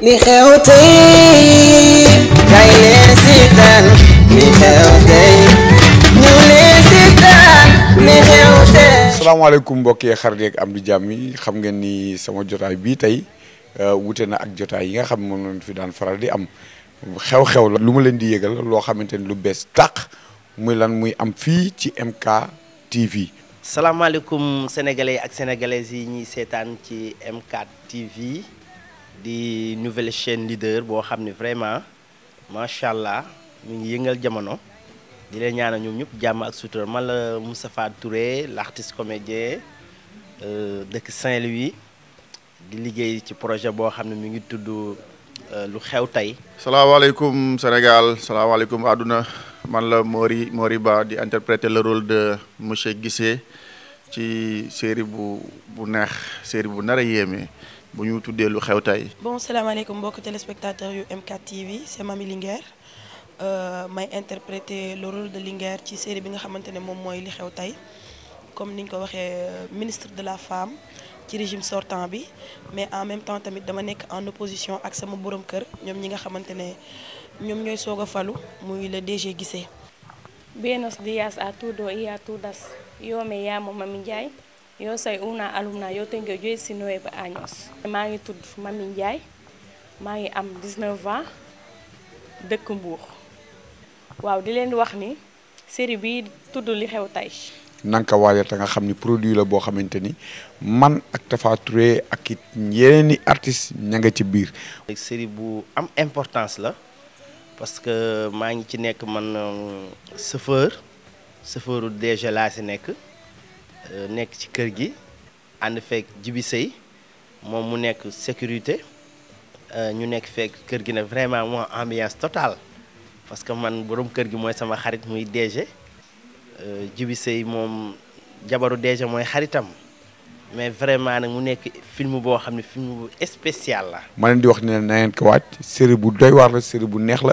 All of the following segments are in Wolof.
li xew tey kay leen seetaan li xew tey ñëw leen seetaan li xew tey salaamaaleykum mbokk yi xarit yeeg am di jàmm xam ngeen ni sama jotaay bii tey euh, wute na ak jotaay yi nga xam moom fi daan faral di am xew-xew la lu ma leen di yëgal loo xamante ni lu bees tàq muy lan muy am fii ci MK TV salaamaaleykum sénégalais ak sénégalaises yi ñuy seetaan ci MK TV di nouvelle chaîne leader boo xam ne vraiment macha allah mi ngi yëngal jamono di leen ñaanal ñoom ñëpp jàmm ak sutura man la Moustapha Touré l'artiste comédien euh, dëkk Saint-Louis di liggéey ci projet boo xam ne mi ngi tudd euh, lu xew tey. salaamaaleykum Sénégal salaamaaleykum àdduna man la Mori Mori Ba di interpréter le rôle de monsieur Guissé ci série bu bu neex série bu nar a yéeme. bu ñu tuddee lu xew tey. bon salaamaaleykum mbokk téléspectateurs yu M4 TV c'est Mamy Linguère euh, may interpréter le rôle de Linguère ci série bi nga xamante ne moom mooy li xew tey comme ni ñu ko waxee euh, ministre de la femme ci régime sortant bi mais en même temps tamit dama nekk en opposition ak sama borom kër ñoom ñi nga xamante ne ñoom ñooy soog a falu muy le DG Guissé. Buenos días a todos y a todas yo me llamo Mamy Ndiaye. yo soy una alumna yo tengo 19 años maa ngi tudd Mami Ndiaye maa ngi am 19 ans dëkk Mbour waaw di leen wax ni série bi tudd li xew tey nanka waajal te nga xam ni produit la boo xamante ni man ak Tapha Touré ak it yeneen i ña nga ci biir série bu am importance la parce que maa ngi ci nekk man euh, chauffeur chauffeuru DG laa si nekk Euh, nekk ci kër gi ànd fekk jibi sëy moom mu nekk sécurité euh, ñu nekk fekk kër gi ne vraiment moo ambiance totale parce que man borom kër gi mooy sama xarit muy DG euh, jibi sëy moom jabaru DG mooy xaritam mais vraiment nag mu nekk film boo xam ne film bu spécial la. ma leen di wax ne na ngeen ko waaj série bu doy waar la série bu neex la.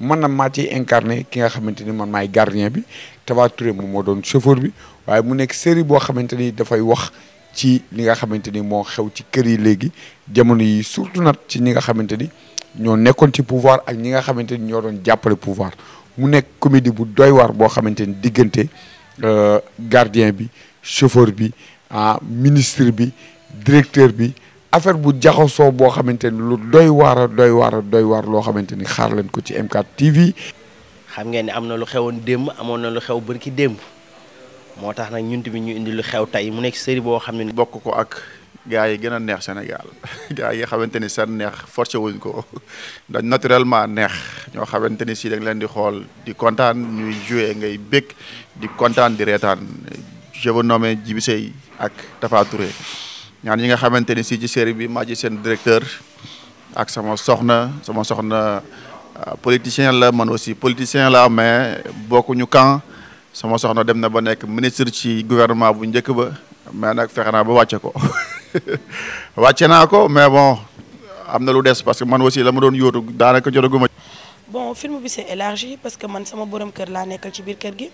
man na maa ciy incarné ki nga xamante ni man maay gardien bi Tapha Touré moom moo doon chauffeur bi waaye mu nekk série boo xamante ni dafay wax ci li nga xamante ni moo xew ci kër yi léegi jamono yi surtout nag ci ñi nga xamante ni ñoo nekkoon ci pouvoir ak ñi nga xamante ni ñoo doon jàppale pouvoir mu nekk comédie bu doy waar boo xamante ni diggante euh, gardien bi chauffeur bi ah ministre bi directeur bi affaire bu jaxasoo boo xamante ni lu doy waar doy waar doy waar loo xamante ni xaar leen ko ci M4 TV. xam ngeen ne am na lu xewoon démb amoon na lu xew bërki démb moo tax nag ñun tamit ñu indi lu xew tey mu nekk série boo xam ne. bokk ko ak gars yi gën a neex Sénégal gars yi nga xamante ni seen neex forcé wuñ ko dañ naturellement neex ñoo xamante ni si dañ leen di xool di kontaan ñuy joué ngay bëgg di kontaan di reetaan je vous nomme Djiby ak Tapha ñaan ñi nga xamante ni si ci série bi maa seen directeur ak sama soxna sama soxna ah, politicien la man aussi politicien la mais bokkuñu camp sama soxna dem na ba nekk ministre ci gouvernement bu njëkk ba mais nag fexe naa ba wàcce ko wàcce naa ko mais bon am na lu des parce que man aussi la ma doon yóotu daanaka jotaguma bon film bi c'est élargi parce que man sama borom kër laa nekkal ci biir kër gi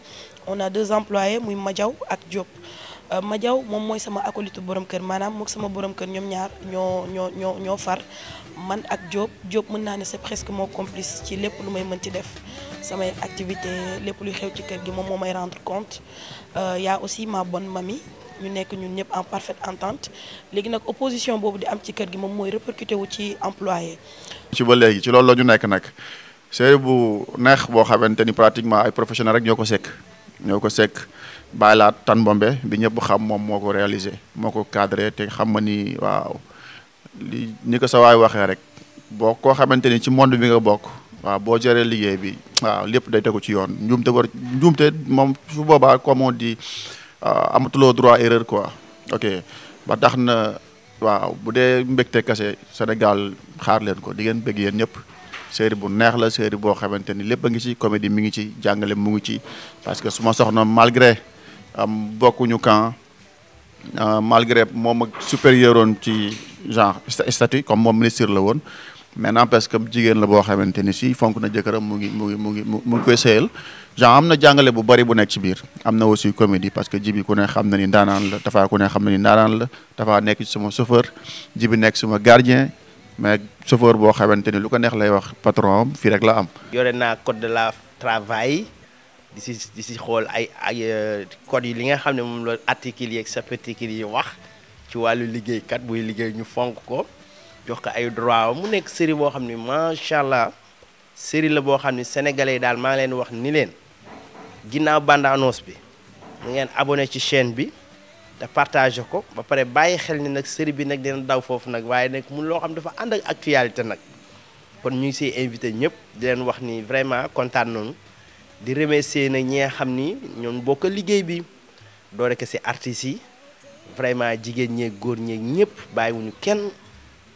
on a deux employés muy Madiaw ak Diop Euh, Madiaw moom mooy sama acolyte borom kër maanaam mook sama borom kër ñoom ñaar ñoo ñoo ñoo ñoo far man ak Diop Diop mën naa ne c'est presque moom complice ci lépp lu may mën ci def samay activité lépp luy xew ci kër gi moom moo may rendre compte euh, y'a aussi ma bonne mamie ñu nekk ñun ñëpp en parfaite entente léegi nag opposition boobu di am ci kër gi moom mooy répercuté wu ci employé. ci ba léegi ci loolu la ñu nekk nag série bu neex boo xamante ni pratiquement ay professionnels rek ñoo ko sekk. ñoo ko sekk bàyyilaat tan bombe bi ñëpp xam moom moo ko réalisé moo ko cadré te xam ma ni waaw ni ko sa waay waxee rek boo koo xamante ni ci monde bi nga bokk waaw boo jëree liggéey bi waaw lépp day tegu ci yoon njuumte war moom su boobaa comme on dit euh, amatuloo droit erreur quoi ok ba tax na waaw bu dee mbegte kase Sénégal xaar leen ko di ngeen bëgg yéen ñëpp série bu neex la série boo xamante ni lépp a ngi ci comédie mi ngi ci jàngale mu ngi ci parce que su ma soxna malgré am bokkuñu camp euh, malgré moom ak supérieur woon ci genre statut comme moom ministre la woon maintenant parce que jigéen la boo xamante ni si fonk na jëkkëram mu ngi mu ngi mu ngi mu ngi koy sëyal genre am na jàngale bu bari bu nekk ci biir am na aussi comédie parce que jibi ku ne xam na ni ndaanaan la dafaa ku ne xam na ni ndaanaan la dafaa nekk ci sama chauffeur jibi nekk suma gardien mais chauffeur boo xamante ni lu ko neex lay wax patron am fii rek la am. yore naa code de la travail di si si xool ay ay euh, code yi li nga xam ne moom la article yi ak chapitre yi wax ci wàllu liggéeykat buy liggéey ñu fonk ko jox ko ay droit mu nekk série boo xam ne macha allah série la boo xam ne sénégalais yi daal maa ngi leen wax ni leen ginnaaw bande annonce bi mu ngeen abonné ci chaîne bi. te partagé ko ba pare bàyyi xel ni nag série bi nag dina daw foofu nag waaye nag mun loo xam dafa ànd ak actualité nag kon ñu ngi siy invité ñëpp di leen wax ni vraiment kontaan noonu di remercier nag ñi nga xam ni ñoom bokk liggéey bi doo rek si artistes yi vraiment jigéen ñeeg góor ñeeg ñëpp bàyyiwuñu kenn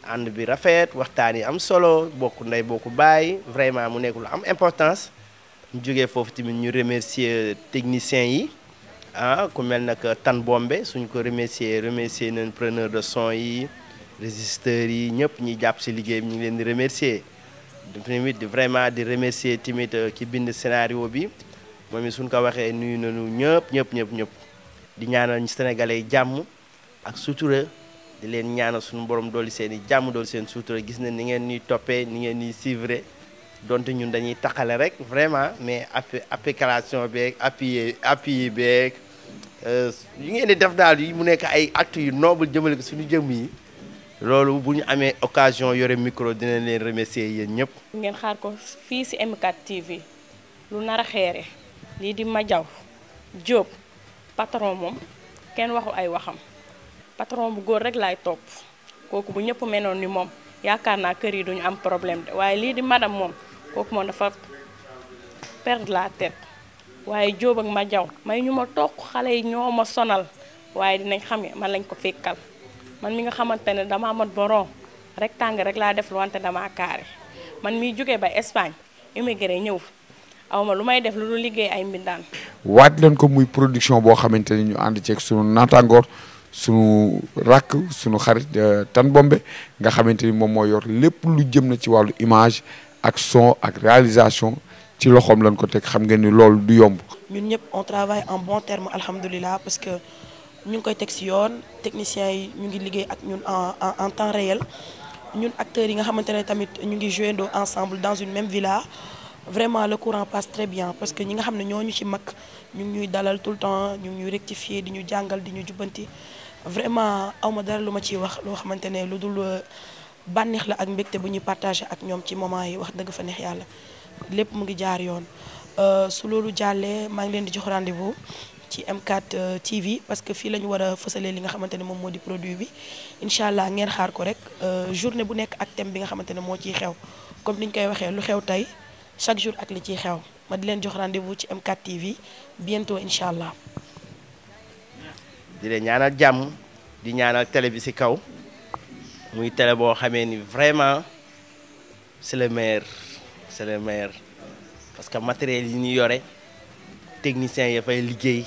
ànd bi rafet waxtaan yi am solo bokk ndey bokk bàyyi vraiment mu nekk lu am importance ñu jóge foofu tamit ñu remercier techniciens yi. ah ku mel nag Tan Bombe suñ ko remercier remercier nañ preneur de son yi régisseurs yi ñëpp ñi jàpp si liggéey bi ñu ngi leen di remercier tamit vraiment di remercier tamit euh, ki bind scénario bi moom it suñ ko waxee nuyu nañu ñëpp ñëpp ñëpp ñëpp di ñaanal sénégalais yi jàmm ak sutura di leen ñaana suñu borom doolu seen i jàmm dooli seen sutura gis na ni ngeen ñuy toppee ni ngeen ñuy suivre donte ñun dañuy taxale rek vraiment mais application beeg appui appui beeg euh, yu ngeen di def daal yi mu nekk ay actu yu noble jëmale ko suñu jëm yi loolu bu ñu amee occasion yore micro dina leen remercier yéen ñëpp. ngeen xaar ko fii si M4 TV lu nar a xeere lii di Madiaw Diop patron moom kenn waxu ay waxam patron bu góor rek laay topp kooku bu ñëpp menoon ni moom yaakaar naa kër yi duñu am problème de waaye lii di madame moom. kooku moom dafa perdre la tête waaye Jóob ma jaw may ñu ma toog xale yi ñoo ma sonal waaye dinañ xam ne man lañ ko fekkal man mi nga xamante ne dama mat rek tàng rek laa def wante dama carré man miy jógee ba Espagne immigré ñëw awma lu may def lu liggéey ay mbindaan. waaj leen ko muy production boo xamante ni ñu ànd ceeg sunu naataangoor sunu rakk sunu xarit euh, Tan Bombe nga xamante ni moom moo yor lépp lu jëm na ci wàllu image ak son ak réalisation ci loxoom lañ ko teg xam nga ni loolu du yomb. ñun ñëpp on travaille en bon terme alhamdulilah parce que ñu ngi koy teg si yoon techniciens yi ñu ngi liggéey ak ñun en en temps réel ñun acteurs yi nga xamante ne tamit ñu ngi joué ndoo ensemble dans une même villa. vraiment le courant passe très bien parce que ñi nga xam ne ñooñu ci mag ñu ngi ñuy dalal tout le temps ñu ngi ñuy rectifier di ñu jàngal di ñu jubbanti vraiment awma dara lu ma ciy wax loo xamante ne lu dul. Euh, bànneex la ak mbégte bu ñuy partagé ak ñoom ci moment yi wax dëgg fa neex yàlla lépp mu ngi jaar yoon euh, su loolu jàllee maa ngi leen di jox rendez-vous ci M4 euh, TV parce que fii la ñu war a fësalee li nga xamante ne moom moo di produit bi incha allah ngeen xaar ko rek euh, journée bu nekk ak thème bi nga xamante ne moo ciy xew comme ni ñu koy waxee lu xew tey chaque jour ak li ciy xew ma di leen jox rendez-vous ci M4 TV bientôt incha allah. di ñaanal jàmm di ñaanal télé bi ci kaw. muy tele boo xamee ni vraiment c'est le meilleur c'est le meilleur parce que matériel yi ñu yore technicien ya fay liggéey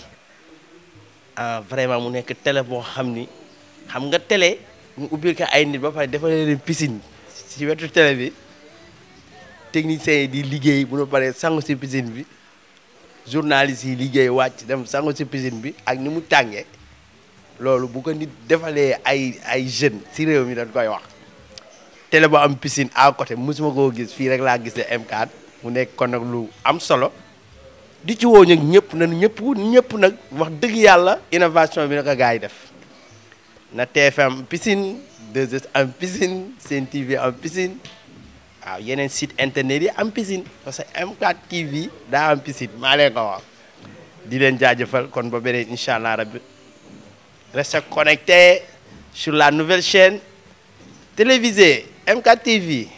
ah vraiment mu nekk télé boo xam ni xam nga tele ñu ubbil ko ay nit ba pare defalee leen piscine ci wetu tele bi technicien yi di liggéey bu ñu paree sangu ci piscine bi journaliste yi liggéey wàcc dem sangu ci piscine bi ak ni mu tàngee loolu bu ko nit defalee ay ay jeunes si réew mi dañ koy wax télé bu am piscine à côté mosuma koo gis fii rek laa gisee M4 mu nekk kon nag lu am solo di ci woo nag ñëpp nag ñëpp ñëpp nag wax dëgg yàlla innovation bi nag a gars yi def na TFM piscine 2S am piscine Sen TV am piscine waaw yeneen site internet yi am piscine parce que M4 TV daa am piscine maa leen ko wax di leen jaajëfal kon ba beneen incha allah rabbi Restez connectés sur la nouvelle chaîne télévisée MKTV.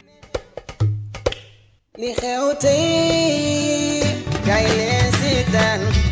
li xew tey kay leen seetaan